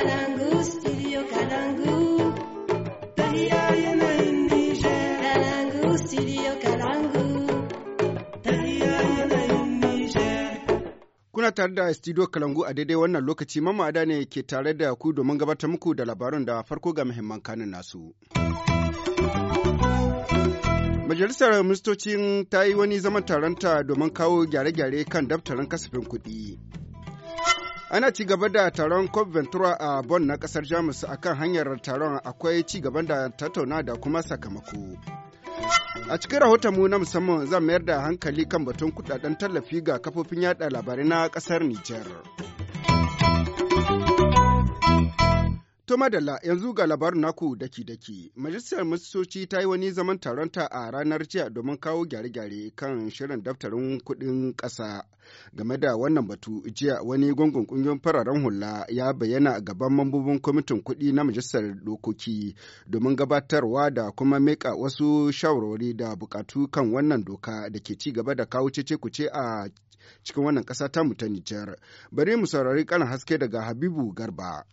Kalangu, Kuna tare da studio Kalangu a daidai wannan lokaci mamada ne ke tare da ku domin gabatar muku da labarun da farko ga muhimman kanin nasu. Majalisar Ministocin ta yi wani zaman taronta domin kawo gyare-gyare kan daftarin kasafin kuɗi. ana ci gaba da taron cop ventura a Bon na kasar jamus akan hanyar taron akwai ci gaban da tattauna da kuma sakamako a cikin rahoton mu na musamman zan mayar da hankali kan batun kudaden tallafi ga kafofin yada labarai na kasar Nijar. To madalla yanzu ga labarin naku daki-daki. Majalisar Ministoci ta yi wani zaman taronta a ranar jiya domin kawo gyare-gyare kan shirin daftarin kuɗin ƙasa. Game da wannan batu jiya wani gungun ƙungiyoyin fararen hula ya bayyana gaban mambobin kwamitin kuɗi na majalisar dokoki domin gabatarwa da kuma meka wasu shawarwari da bukatu kan wannan doka da ke ci gaba da kawo cece kuce a cikin wannan ƙasa ta ta Nijar. Bari mu saurari ƙarin haske daga Habibu Garba.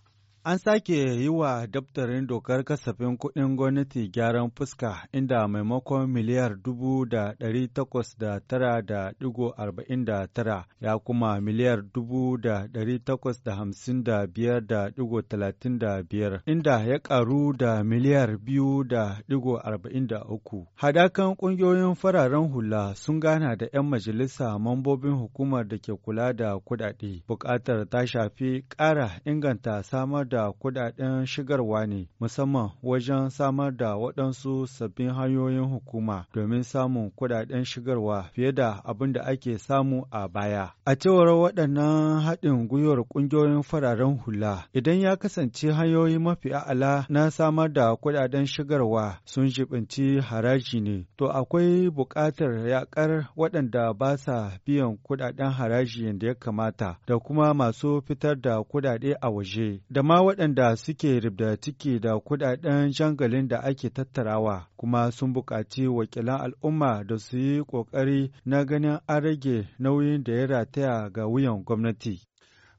An sake yi wa daftarin dokar kasafin kuɗin gwamnati gyaran fuska inda maimakon miliyar dubu da ɗari takwas da tara da ɗigo arba'in da tara ya kuma miliyar dubu da ɗari takwas da hamsin da biyar da ɗigo talatin da biyar inda ya ƙaru da miliyar biyu da ɗigo arba'in da uku. Haɗakan ƙungiyoyin fararen hula sun gana da 'yan majalisa mambobin hukumar da ke kula da kuɗaɗe. Buƙatar ta shafi ƙara inganta samar da da kudaden shigarwa ne, musamman wajen samar da waɗansu sabbin hanyoyin hukuma domin samun kudaden shigarwa fiye da abin da ake samu a baya. A cewar waɗannan haɗin gwiwar ƙungiyoyin fararen hula, idan ya kasance hanyoyi mafi a'ala na samar da kudaden shigarwa sun jibinci haraji ne, to akwai buƙatar yaƙar waɗanda ba sa biyan kudaden haraji yadda ya kamata da kuma masu fitar da kudade a waje. Da ma ma waɗanda suke ribda ciki da kuɗaɗen shangalin da ake tattarawa kuma sun buƙaci wakilan al'umma da su yi ƙoƙari na ganin an rage nauyin da ya rataya ga wuyan gwamnati.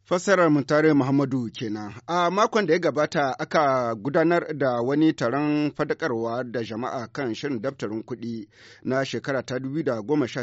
Fassarar Muntare Muhammadu kenan. A makon da ya gabata aka gudanar da wani taron fadakarwa da jama'a kan shirin daftarin kuɗi na shekara ta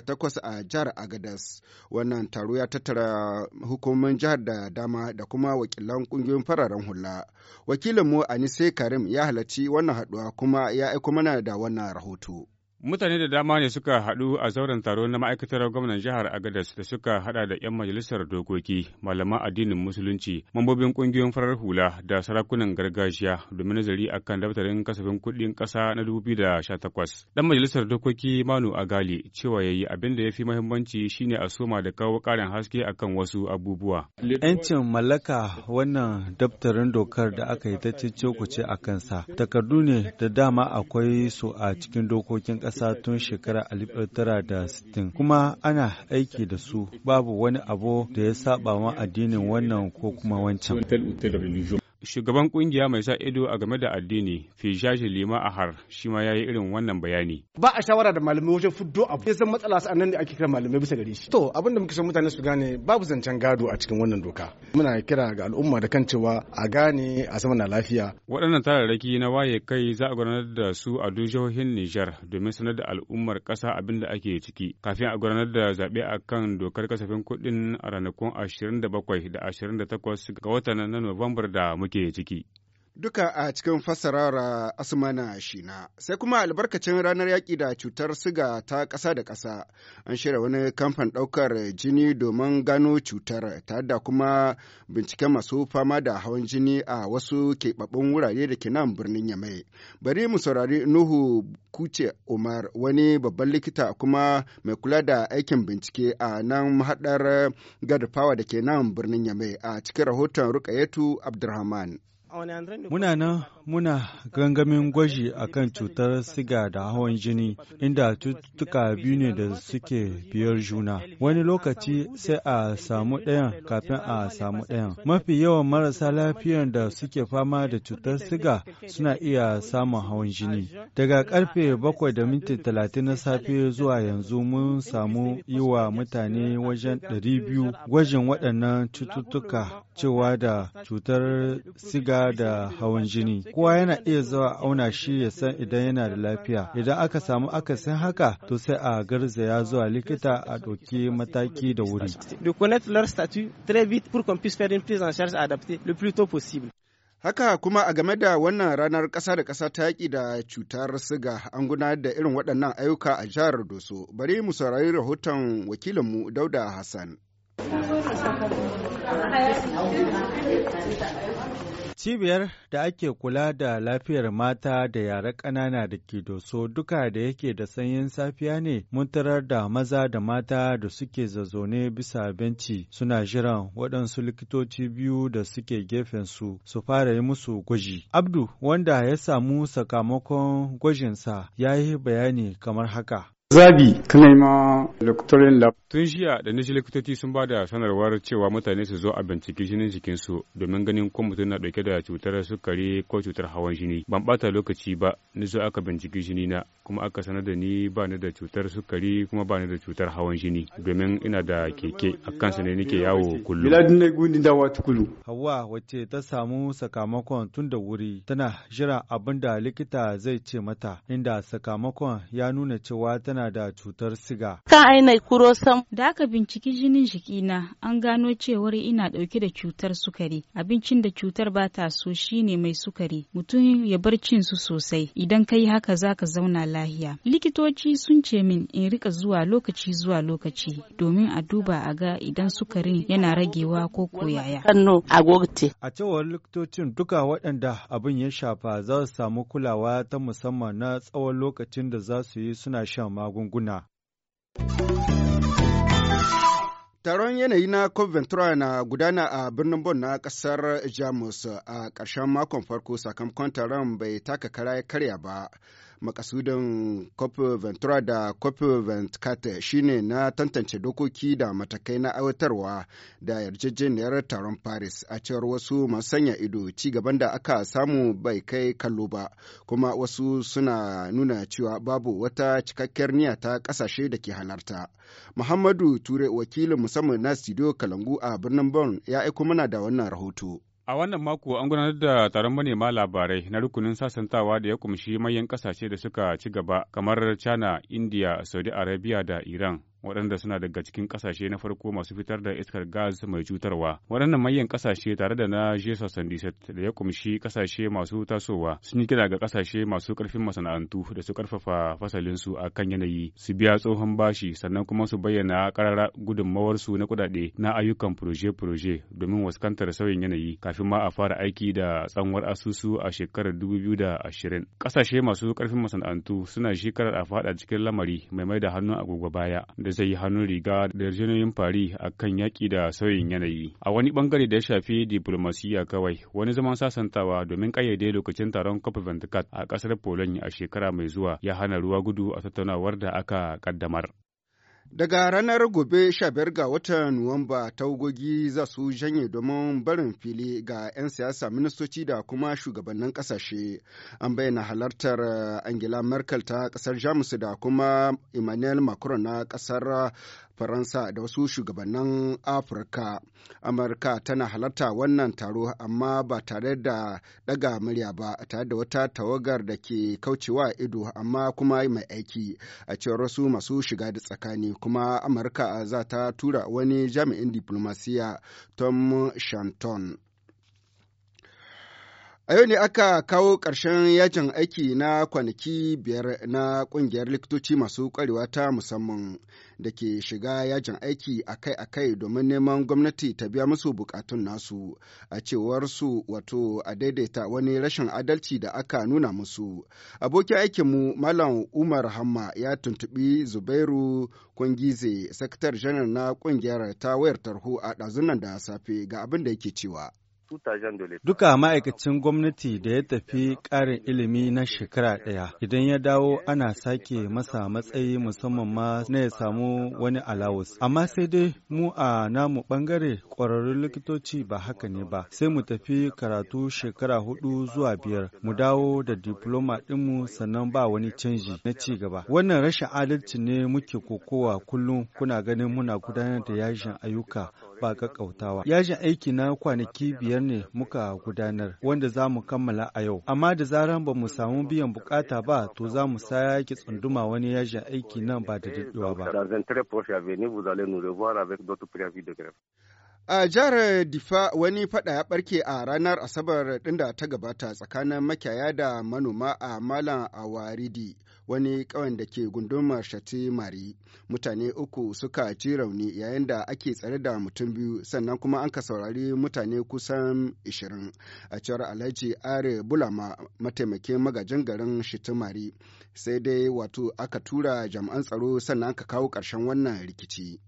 takwas a jihar Agadas. Wannan taro ya tattara hukumomin jihar da dama da kuma wakilan ƙungiyoyin fararen hula. Wakilinmu Anise Karim ya halarci wannan haɗuwa kuma ya aiko mana da wannan rahoto. Mutane da dama ne suka haɗu a zauren taro na ma'aikatar gwamnan jihar Agadas da suka haɗa da 'yan majalisar dokoki, malaman addinin musulunci, mambobin ƙungiyoyin farar hula da sarakunan gargajiya domin nazari akan daftarin kasafin kuɗin ƙasa na 2018. Ɗan majalisar dokoki Manu Agali cewa yayi abin da ya fi mahimmanci shine a soma da kawo ƙarin haske akan wasu abubuwa. 'Yancin mallaka wannan daftarin dokar da aka yi ta cece a kansa. Takardu ne da dama akwai su a cikin dokokin ƙasa. ƙasa tun shekara da 1960 kuma ana aiki da su babu wani abu da ya saba ma addinin wannan ko kuma wancan. Shugaban kungiya mai sa ido a game da addini, Fijaji Lima Ahar, shi ma ya yi irin wannan bayani. Ba a shawara da malamai wajen fuddo abu. Ya san matsala su annan da ake kira malamai bisa gari shi. To, abin da muke son mutane su gane babu zancen gado a cikin wannan doka. Muna kira ga al'umma da kan cewa a gane a zama na lafiya. Waɗannan tararraki na waye kai za a gudanar da su a duk jihohin Nijar domin sanar da al'ummar ƙasa abin da ake ciki kafin a gudanar da zaɓe a kan dokar kasafin kuɗin a ranakun 27 da 28 ga watan na Nuwambar da muke 形時期 duka a cikin asumana asmana shina sai kuma albarkacin ranar yaƙi da cutar siga ta ƙasa da ƙasa an shirya wani kamfan ɗaukar jini domin gano cutar ta da kuma binciken masu fama da hawan jini a wasu keɓaɓɓun wurare da ke nan birnin yamai bari mu saurari nuhu kuce umar wani babban likita kuma mai kula da aikin bincike a nan mahaɗar gadfawa da ke nan birnin yamai a cikin rahoton rukayetu abdulrahman Muna nan muna gangamin gwaji a kan cutar siga da hawan jini inda cututtuka biyu ne da suke biyar juna. Wani lokaci sai a samu ɗayan kafin a samu ɗayan. Mafi yawan marasa lafiyan da suke fama da cutar siga suna iya samun hawan jini. Daga karfe bakwai da minti talatin na safe zuwa yanzu mun samu yi wa mutane wajen ɗari gwajin waɗannan cututtuka cewa da cutar siga da hawan jini. Kowa yana iya zuwa auna shi ya san idan yana da lafiya. Idan aka samu akasin haka, to sai a garzaya zuwa likita a ɗauki mataki da wuri. Haka kuma a game da wannan ranar ƙasa da ƙasa ta yaƙi da cutar siga an gudanar da irin waɗannan ayyuka a jihar Doso. Bari mu saurari rahoton wakilinmu Dauda Hassan. Cibiyar da ake kula da lafiyar mata da yara ƙanana da ke doso duka da yake da sanyin safiya ne mun tarar da maza da mata da suke zazzaune bisa benci suna jiran waɗansu likitoci biyu da suke gefen su su fara yi musu gwaji. Abdu wanda ya samu sakamakon gwajinsa ya yi bayani kamar haka. zabi ka nema lokutorin lab. Tun jiya da nishi likitoci sun ba da sanarwar cewa mutane su zo a binciki jinin jikinsu domin ganin ko mutum na dauke da cutar sukari ko cutar hawan jini. Ban bata lokaci ba, ni zo aka binciki jini na kuma aka sanar da ni ba ni da cutar sukari kuma ba ni da cutar hawan jini domin ina da keke a kansa ne nake yawo kullum. Hawa wacce ta samu sakamakon tun da wuri tana jira abin da likita zai ce mata inda sakamakon ya nuna cewa tana da cutar siga. Ka aina kuro sam. Da aka binciki jinin na an gano cewar ina ɗauke da cutar sukari abincin da cutar ba ta so shine mai sukari mutum ya bar cin su sosai idan ka yi haka za ka zauna lahiya likitoci sun ce min in rika zuwa lokaci zuwa lokaci domin a duba a ga idan sukarin yana ragewa ko koyaya a cewar likitocin duka waɗanda abin ya shafa za su samu kulawa ta musamman na tsawon lokacin da za su yi suna shan magunguna Taron yanayi na coventura na gudana a birnin Bon na kasar Jamus a karshen makon farko sakamakon taron bai taka kara ya karya ba. makasudin cop 23 da cop 24 shine na tantance dokoki da matakai na aiwatarwa da yarjejeniyar taron paris a cewar wasu masu sanya ido ci gaban da aka samu bai kai kallo ba kuma wasu suna nuna cewa babu wata cikakkiyar niyya ta kasashe da ke halarta muhammadu ture wakilin musamman na studio kalangu a birnin bon ya aiko mana da wannan rahoto A wannan mako an gudanar da taron manema labarai na rukunin sasantawa da ya kumshi manyan kasashe da suka ci gaba kamar China, India, Saudi Arabia da Iran. waɗanda suna daga cikin ƙasashe na farko masu fitar da iskar gas mai cutarwa. Waɗannan manyan ƙasashe tare da na G77 da ya kumshi ƙasashe masu tasowa sun yi kira ga ƙasashe masu ƙarfin masana'antu da su ƙarfafa fasalinsu a kan yanayi su biya tsohon bashi sannan kuma su bayyana ƙarara gudunmawarsu na kuɗaɗe na ayyukan furoje-furoje domin waskantar sauyin yanayi kafin ma a fara aiki da tsanwar asusu a shekarar 2020. Ƙasashe masu ƙarfin masana'antu suna shekarar a faɗa cikin lamari mai mai da hannun gogo baya da zai yi hannun riga da yarjejeniyoyin fari a kan yaƙi da sauyin yanayi. A wani bangare da ya shafi diplomasiya kawai, wani zaman sasantawa domin ƙayyade lokacin taron cop a ƙasar Poland a shekara mai zuwa ya hana ruwa gudu a tattaunawar da aka ƙaddamar. Daga ranar gobe 15 ga watan Nuwamba taugogi za su janye domin barin fili ga 'yan siyasa ministoci da kuma shugabannin kasashe. An bayyana halartar eh, Angela Merkel ta kasar Jamus da kuma Emmanuel Macron na kasar faransa da wasu shugabannin afirka amurka tana halarta wannan taro amma ba tare da daga murya ba tare da wata tawagar da ke kaucewa ido amma kuma mai aiki a cewar wasu masu shiga da tsakani kuma amurka za ta tura wani jami'in diplomasiya tom shanton A yau ne aka kawo ƙarshen yajin aiki na kwanaki biyar na ƙungiyar likitoci masu ƙwarewa ta musamman. da ke shiga yajin aiki akai-akai domin neman gwamnati ta biya musu bukatun nasu a cewar su wato a daidaita wani rashin adalci da aka nuna musu abokin aikinmu malam umar hamma ya tuntubi zubairu Kungize, sakatar janar na kungiyar ta wayar tarho a ɗazunan da safe ga abin da yake cewa Duka ma'aikacin gwamnati da ya tafi ƙarin ilimi na shekara ɗaya, idan ya dawo ana sake masa matsayi musamman ma na ya samu wani alawus. Amma sai dai mu a namu ɓangare ƙwararrun likitoci ba haka ne ba, sai mu tafi karatu shekara hudu zuwa biyar, mu dawo da diploma ɗinmu sannan ba wani canji na ci gaba. Wannan rashin adalci ne muke kokowa kullum kuna ganin muna gudanar da yajin ayyuka ba kakkautawa. Yajin aiki na kwanaki biyar ne muka gudanar wanda za mu kammala a yau. Amma da zaran ba mu samu biyan bukata ba to za mu sake tsunduma wani yajin aiki nan ba da daɗewa ba. A jihar Difa wani fada ya barke a ranar Asabar ɗin da ta gabata tsakanin makiyaya da manoma a Malam Awaridi. wani ƙauyen da ke gundumar shati mari mutane uku suka ji rauni yayin da ake tsare da mutum biyu sannan kuma an ka saurari mutane kusan 20 a cewar alhaji are bulama mataimakin magajin garin shitimari sai dai wato aka tura jami'an tsaro sannan ka kawo ƙarshen wannan rikici.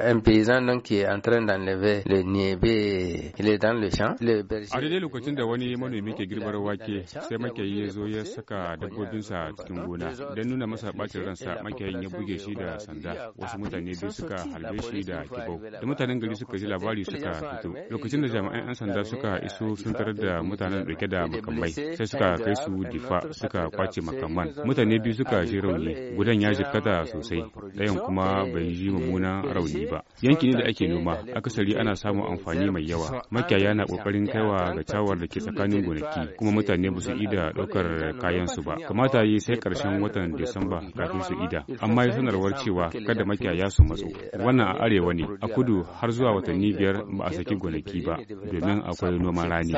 un paysan donc qui est en train d'enlever le niébé il est dans le champ le berger a le lokacin da wani manomi ke girbar wake sai makiyayi ya zo ya saka sa cikin gona dan nuna masa bacin ransa makiyayin ya buge shi da sanda wasu mutane dai suka halbe shi da kibo da mutanen gari suka euh, ji labari suka fito lokacin da jami'an 'yan sanda suka iso sun tarar da mutanen dauke da makamai sai suka kai su difa suka kwace makaman mutane biyu suka ji rauni gudan ya jikkata sosai ɗayan kuma bai ji mummunan rauni ba yanki ne da ake noma akasari ana samun amfani mai yawa makiyaya na kokarin kaiwa ga cawar da ke tsakanin gonaki kuma mutane ba su ida daukar kayan su ba kamata yi sai karshen watan disamba kafin su ida amma ya sanarwar cewa kada makiyaya su matso wannan a arewa ne a kudu har zuwa watanni biyar ba a saki gonaki ba domin akwai noman rani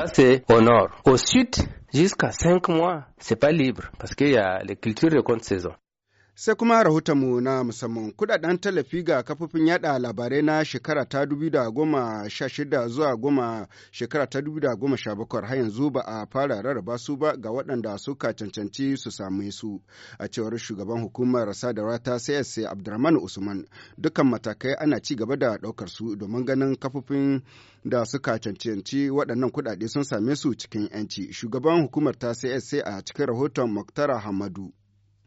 jusqu'à 5 mois, c'est pas libre parce qu'il y a les cultures de compte saison. sai kuma rahotonmu na musamman kudaden tallafi ga kafofin yada labarai na shekara ta shida zuwa goma shekara ta bakwai har yanzu ba a fara rarraba su ba ga waɗanda suka cancanci su same su a cewar shugaban hukumar sadarwa ta csc abdurrahman usman dukkan matakai ana ci gaba da ɗaukar su domin ganin kafofin da suka cancanci waɗannan kuɗaɗe sun same su cikin 'yanci shugaban hukumar ta csc a cikin rahoton muktara hamadu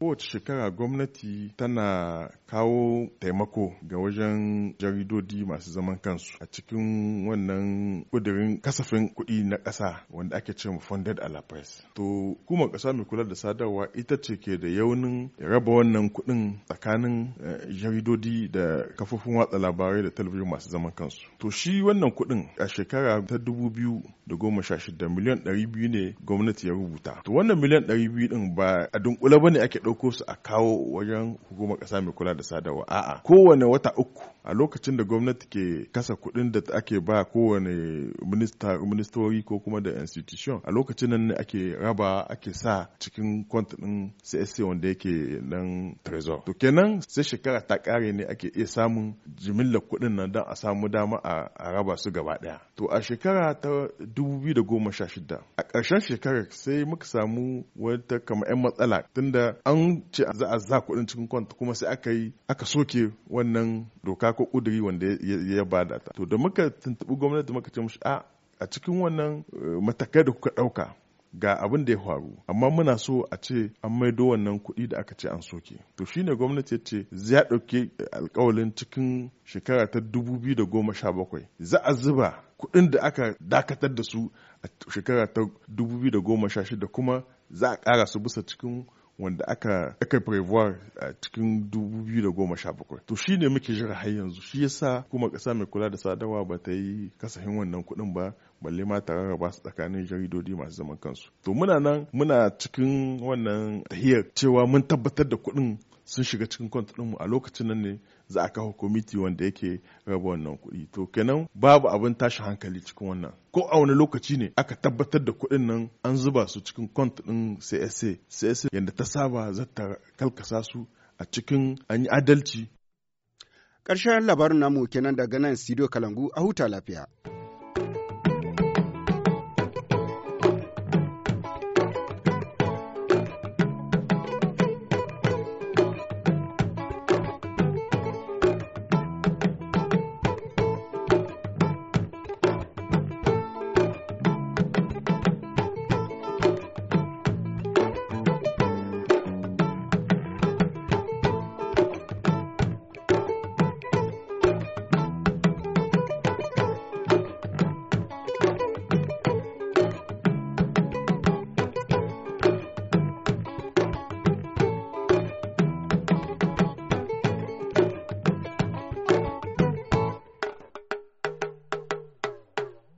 kowace shekara gwamnati tana kawo taimako ga wajen jaridodi masu zaman kansu a cikin wannan kudirin kasafin kuɗi na ƙasa wanda ake ce funded a la presse. to kuma ƙasa mai kula da sadarwa ita ce ke da yaunin raba wannan kuɗin tsakanin eh, jaridodi da kafofin watsa labarai da talabijin masu zaman kansu to shi wannan kuɗin a shekara ta dubu biyu da goma sha shida miliyan ɗari biyu ne gwamnati ya rubuta to wannan miliyan ɗari biyu ɗin ba a dunkule ba ne ake ɗauka ɗauko su a kawo wajen hukumar kasa mai kula da sadarwa a'a kowane wata uku a lokacin da gwamnati ke kasa kuɗin da ake ba kowane ministori ko kuma da institution a lokacin nan ne ake raba ake sa cikin kwanta ɗin CSC wanda yake nan trezor to kenan sai shekara ta ƙare ne ake iya samun jimillar kuɗin nan don a samu dama a raba su gaba ɗaya to a shekara ta 2016 a ƙarshen shekarar sai muka samu wata kamar 'yan matsala tunda an ce za a za kuɗin cikin kwanta kuma sai aka yi aka soke wannan doka ko kuduri wanda ya bada ta to da muka tuntuɓi gwamnati muka ce mushi a a cikin wannan eh, matakai da kuka ɗauka ga abin da ya faru amma muna so a ce an maido wannan kuɗi da aka ce an soke to shine gwamnati ya ce ya ɗauki alkawalin cikin shekara ta 2017 za a zuba kuɗin da aka dakatar da su a shekara ta 2016 kuma za a ƙara su bisa cikin wanda aka aka prevoir a cikin 2017 to shine muke jira har yanzu shi yasa kuma ƙasa mai kula da sadarwa ba ta yi kasahin wannan kuɗin ba balle ma tare raba su tsakanin jaridodi masu zaman kansu to muna nan muna cikin wannan tahiyar cewa mun tabbatar da kuɗin sun shiga cikin mu a lokacin nan ne za a kawo kwamiti wanda yake raba wannan kuɗi to kenan babu abin tashi hankali cikin wannan ko a wani lokaci ne aka tabbatar da kuɗin nan an zuba su cikin kwant ɗin csa csa yadda ta saba zata ta kalkasa su a cikin an yi adalci ƙarshen labarin namu kenan daga nan studio kalangu a huta lafiya